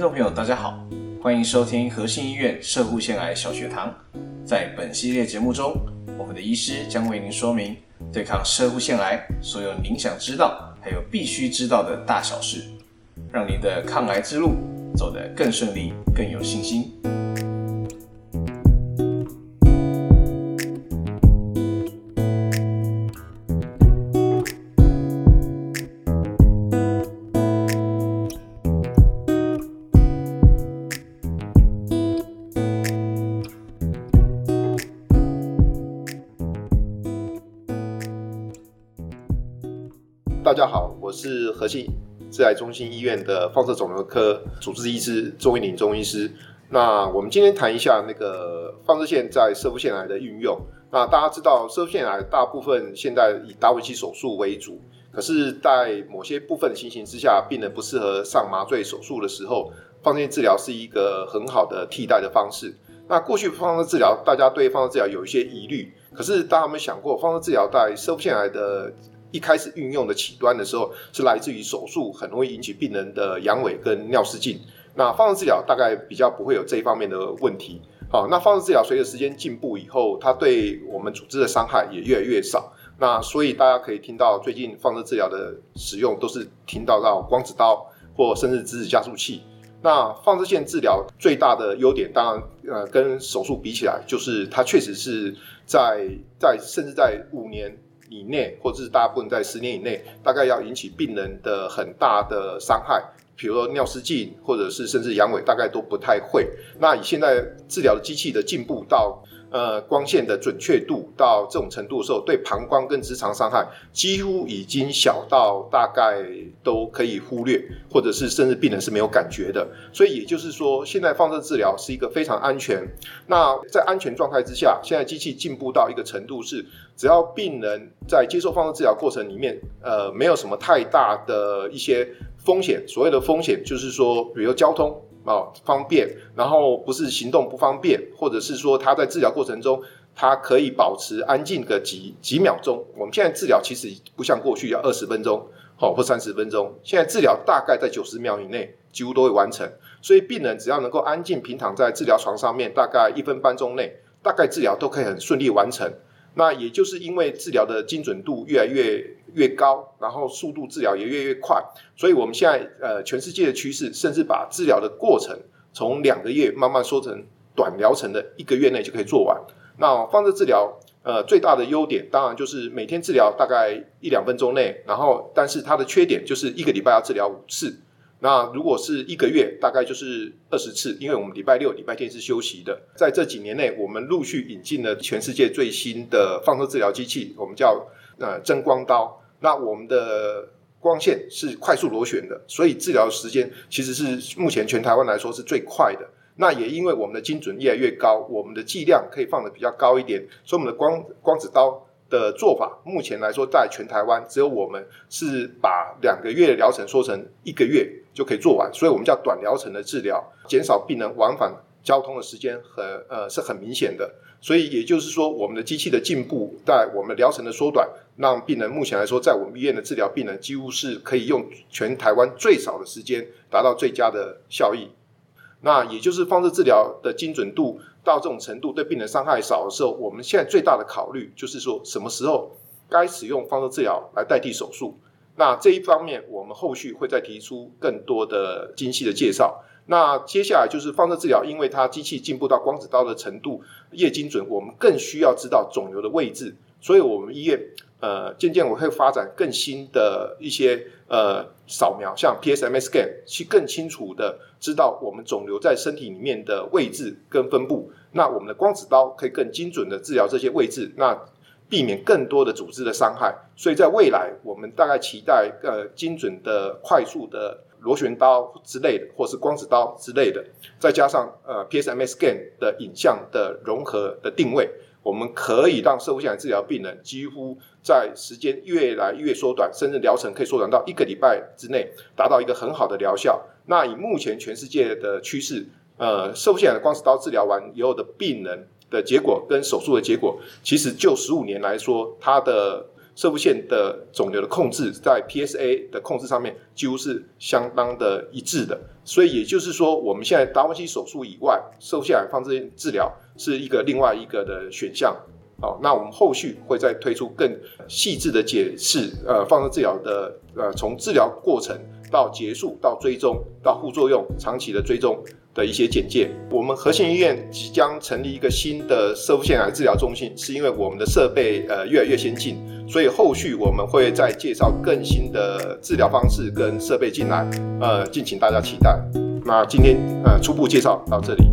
聽眾朋友，大家好，歡迎收聽和信醫院攝護腺癌小學堂。在本系列節目中，我們的醫師將為您說明對抗攝護腺癌所有您想知道，還有必須知道的大小事，讓您的抗癌之路走得更順利、更有信心。大家好，我是和信治癌中心醫院的放射腫瘤科主治醫師鍾邑林中醫師。那我們今天談一下那個放射線在攝護腺癌的運用。那大家知道，攝護腺癌大部分現在以達文西手術為主，可是，在某些部分的情形之下，病人不適合上麻醉手術的時候，放射線治療是一個很好的替代的方式。那過去放射治療，大家對放射治療有一些疑慮，可是大家有沒有想過放射治療在攝護腺癌的。一開始運用的起端的時候，是來自於手術，很容易引起病人的陽痿跟尿失禁。那放射治療大概比較不會有這一方面的問題。好，那放射治療隨着時間進步以後，它對我們組織的傷害也越來越少。那所以大家可以聽到最近放射治療的使用都是聽到到光子刀或甚至質子加速器。那放射線治療最大的優點，當然呃跟手術比起來，就是它確實是在在，在甚至在五年。以內，或者是大部分在十年以內，大概要引起病人的很大的傷害，比如說尿失禁，或者是甚至陽痿，大概都不太會。那以現在治療的機器的進步到。呃，光線的準確度到這種程度的時候，對膀胱跟直腸傷害幾乎已經小到大概都可以忽略，或者是甚至病人是沒有感覺的。所以也就是說，現在放射治療是一個非常安全。那在安全狀態之下，現在機器進步到一個程度是，只要病人在接受放射治療過程裡面，呃，沒有什麼太大的一些風險。所謂的風險就是說，比如交通。啊，方便，然後不是行動不方便，或者是說他在治療過程中，他可以保持安靜個幾幾秒鐘。我們現在治療其實不像過去要二十分鐘，哦，或三十分鐘，現在治療大概在九十秒以內，幾乎都會完成。所以病人只要能夠安靜平躺在治療床上面，大概一分半鐘內，大概治療都可以很順利完成。那也就是因為治療的精準度越來越。越高，然後速度治療也越來越快，所以我們現在呃全世界的趨勢，甚至把治療的過程從兩個月慢慢縮成短療程的一個月內就可以做完。那放射治療呃最大的優點，當然就是每天治療大概一兩分鐘內，然後但是它的缺點就是一個禮拜要治療五次。那如果是一個月，大概就是二十次，因為我們禮拜六、禮拜天是休息的。在這幾年內，我們陸續引進了全世界最新的放射治療機器，我們叫呃“真光刀”。那我們的光線是快速螺旋的，所以治療時間其實是目前全台灣來說是最快的。那也因為我們的精準越來越高，我們的劑量可以放的比較高一點，所以我們的光光子刀的做法，目前來說在全台灣只有我們是把兩個月的療程縮成一個月就可以做完，所以我們叫短療程的治療，減少病人往返。交通的時間很呃是很明顯的，所以也就是說，我們的機器的進步，在我們療程的縮短，讓病人目前來說，在我們醫院的治療病人，幾乎是可以用全台灣最少的時間達到最佳的效益。那也就是放射治療的精準度到這種程度，對病人傷害少的時候，我們現在最大的考慮就是說，什麼時候該使用放射治療來代替手術？那這一方面，我們後續會再提出更多的精細的介紹。那接下來就是放射治療，因為它機器進步到光子刀的程度越精準，我們更需要知道腫瘤的位置，所以我們醫院呃漸漸我會發展更新的一些呃掃描，像 PSMA scan，去更清楚的知道我們腫瘤在身體裡面的位置跟分布，那我們的光子刀可以更精準的治療這些位置，那避免更多的組織的傷害，所以在未來我們大概期待呃精準的快速的。螺旋刀之類的，或是光子刀之類的，再加上呃 PSMS scan 的影像的融合的定位，我們可以讓攝護腺癌治療病人幾乎在時間越來越縮短，甚至療程可以縮短到一個禮拜之內，達到一個很好的療效。那以目前全世界的趨勢，呃，攝護腺癌的光子刀治療完以後的病人的結果跟手術的結果，其實就十五年來說，它的。攝護腺的腫瘤的控制，在 PSA 的控制上面幾乎是相當的一致的，所以也就是說，我們現在達文西手術以外，攝護腺癌放射治療是一個另外一個的選項。好，那我們後續會再推出更細緻的解釋，呃，放射治療的呃，從治療過程到結束到追蹤到副作用長期的追蹤。的一些簡介。我們和信醫院即將成立一個新的攝護腺癌治療中心，是因為我們的設備呃越來越先進，所以後續我們會再介紹更新的治療方式跟設備進來，呃，敬請大家期待。那今天呃初步介紹到這裡。